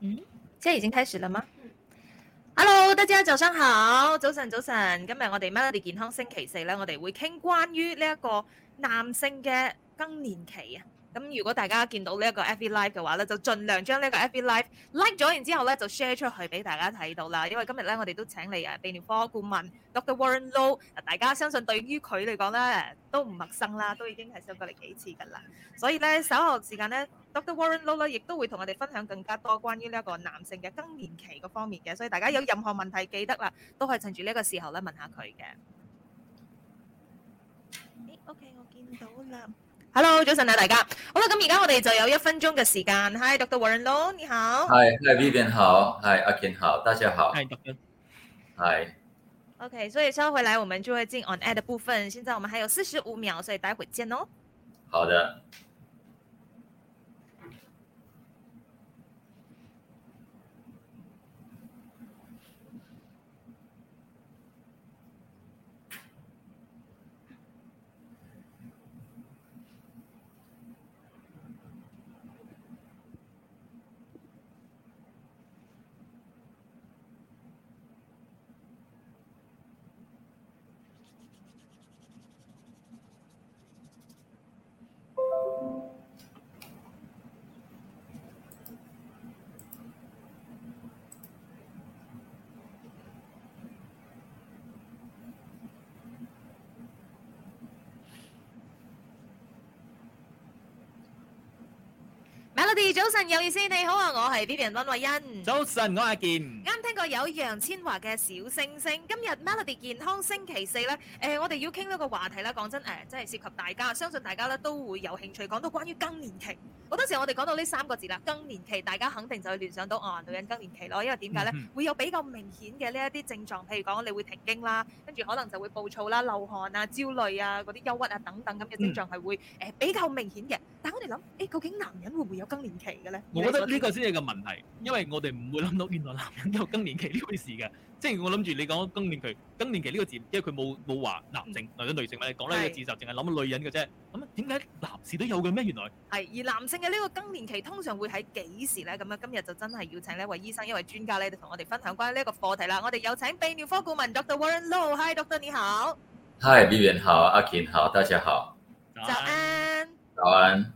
嗯，即係已經開始了嗎、嗯？Hello，大家早上好，早晨早晨，今日我哋 Melody 健康星期四呢，我哋會傾關於呢一個男性嘅更年期咁如果大家見到呢一個 FV Live 嘅話咧，就盡量將呢個 FV Live like 咗，然之後咧就 share 出去俾大家睇到啦。因為今日咧，我哋都請嚟誒泌尿科顧問 Doctor Warren Low，大家相信對於佢嚟講咧都唔陌生啦，都已經係收過嚟幾次噶啦。所以咧，稍後時間咧，Doctor Warren Low 咧亦都會同我哋分享更加多關於呢一個男性嘅更年期嘅方面嘅。所以大家有任何問題，記得啦，都可以趁住呢一個時候咧問下佢嘅。咦，OK，我見到啦。Hello，早晨啊大家，好啦，咁而家我哋就有一分鐘嘅時間，Hi，Doctor Warren 你好，Hi，Hi Vivian 好，Hi 阿 Ken 好，大家好，Hi Doctor，Hi，OK，所以稍後回來，我們就會進 on air 的部分，現在我們還有四十五秒，所以待會見哦，好的。早晨有意思，你好啊，我係 B B 人溫慧欣。早晨，我係阿健。有楊千嬅嘅小星星，今日 Melody 健康星期四咧，誒、呃，我哋要傾一個話題啦。講真，誒、欸，即係涉及大家，相信大家咧都會有興趣，講到關於更年期。好多時我哋講到呢三個字啦，更年期，大家肯定就會聯想到啊、哦，女人更年期咯。因為點解咧，會有比較明顯嘅呢一啲症狀，譬如講你會停經啦，跟住可能就會暴躁啦、流汗啊、焦慮啊、嗰啲憂鬱啊等等咁嘅症狀係會誒、嗯、比較明顯嘅。但係我哋諗，誒、欸，究竟男人會唔會有更年期嘅咧？我覺得呢個先係個問題，因為我哋唔會諗到原來男人有更年期。期呢回事嘅，即係我諗住你講更年期，更年期呢個字，因為佢冇冇話男性或者、嗯、女性，我哋講呢個字就淨係諗女人嘅啫。咁點解男士都有嘅咩？原來係而男性嘅呢個更年期通常會喺幾時咧？咁樣今日就真係要請呢位醫生一位專家咧，同我哋分享關於呢一個課題啦。我哋有請泌尿科顧問 Dr. Warren Low。Hi，Doctor 你好。Hi，Bian 好，阿健，好，大家好。早安。早安。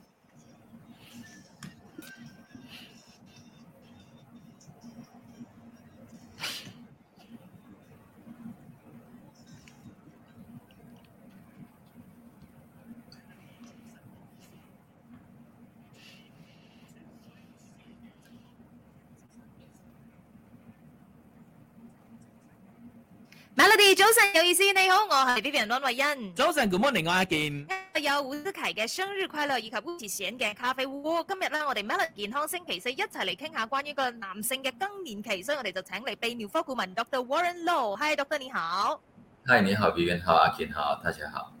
早晨有意思，你好，我係 Vivian 安慧欣。早晨 Good morning，我係阿健。有胡思琪嘅生日快樂，以及烏馳賢嘅咖啡嗚嗚。今日咧，我哋 Melody 健康星期四，一齊嚟傾下關於個男性嘅更年期，所以我哋就請嚟泌尿科顧問 Dr. Warren Low。嗨，Dr. 你好。嗨，你好 Vivian 好，阿健好，大家好。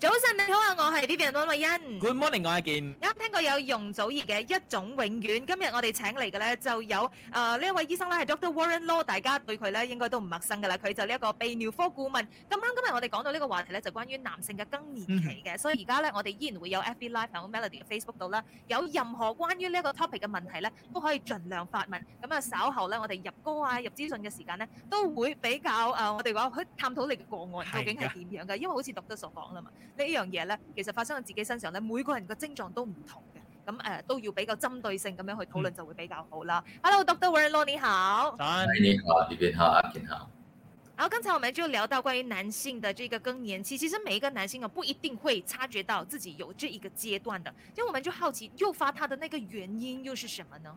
早晨，你好啊，我係 Vivian，林慧欣。Good morning，我係健。啱聽過有容祖兒嘅一種永遠。今日我哋請嚟嘅咧就有誒呢一位醫生咧係 Doctor Warren Law，大家對佢咧應該都唔陌生㗎啦。佢就呢一個泌尿科顧問。咁啱今日我哋講到呢個話題咧就關於男性嘅更年期嘅、嗯，所以而家咧我哋依然會有 FB Live Melody 嘅 Facebook 度啦，有任何關於呢一個 topic 嘅問題咧都可以儘量發問。咁啊稍後咧我哋入歌啊入資訊嘅時間咧都會比較誒、呃、我哋話去探討你嘅個案究竟係點樣㗎，因為好似讀得所講啦嘛。一呢一樣嘢咧，其實發生喺自己身上咧，每個人個症狀都唔同嘅，咁誒、呃、都要比較針對性咁樣去討論就會比較好啦。嗯、Hello，Dr. Warren Longie，好。Hi, 你好，你好，你好，然後剛才我們就聊到關於男性的這個更年期，其實每一個男性啊，不一定會察覺到自己有這一個階段的，因為我們就好奇誘發他的那個原因又是什麼呢？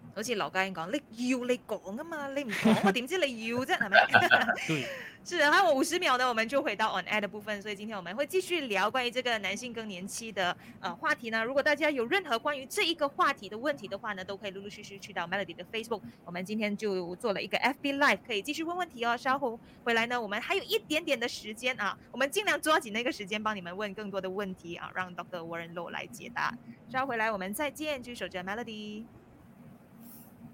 好似老嘉欣講，你要你講啊嘛，你唔講，我點知你要啫，係咪？對，然後五十秒呢，我們就回到 on air 的部分，所以今天我們會繼續聊關於這個男性更年期的呃話題呢。如果大家有任何關於這一個話題的問題的話呢，都可以陸陸續續去到 Melody 的 Facebook，我們今天就做了一個 FB Live，可以繼續問問題哦。稍後回來呢，我們還有一點點的時間啊，我們盡量抓緊那個時間幫你們問更多的問題啊，讓 Doctor Warren Low 來解答。稍後回來，我們再見，繼續守著 Melody。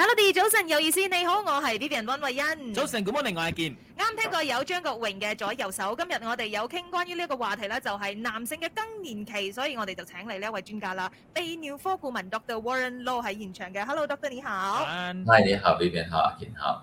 Hello，Dear，早晨有意思，你好，我係 Vivian 溫慧欣。早晨，good morning，我係健。啱聽過有張國榮嘅左右手，今日我哋有傾關於呢一個話題咧，就係男性嘅更年期，所以我哋就請嚟呢一位專家啦，泌尿科顧問 Doctor Warren Low 喺現場嘅。Hello，Doctor，你好。Hi，你好 Vivian 好，健好。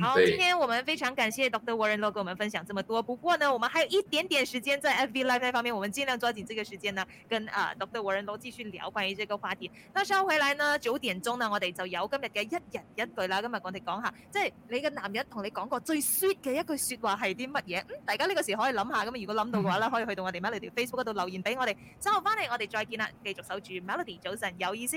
好，今天我們非常感謝 Dr. Warren Lo 跟我們分享這麼多。不過呢，我們還有一點點時間，在 FB Live 呢方面，我們盡量抓緊這個時間呢，跟啊、uh, Dr. Warren Lo 繼續聊關於這個話題。咁稍後回來呢，九點鐘呢，我哋就有今日嘅一人一句啦。今日我哋講下，即係你嘅男人同你講過最 sweet 嘅一句說話係啲乜嘢？嗯，大家呢個時候可以諗下，咁如果諗到嘅話咧，可以去到我哋 Melody Facebook 嗰度留言俾我哋。稍後返嚟，我哋再見啦，繼續守住 Melody，早晨有意思。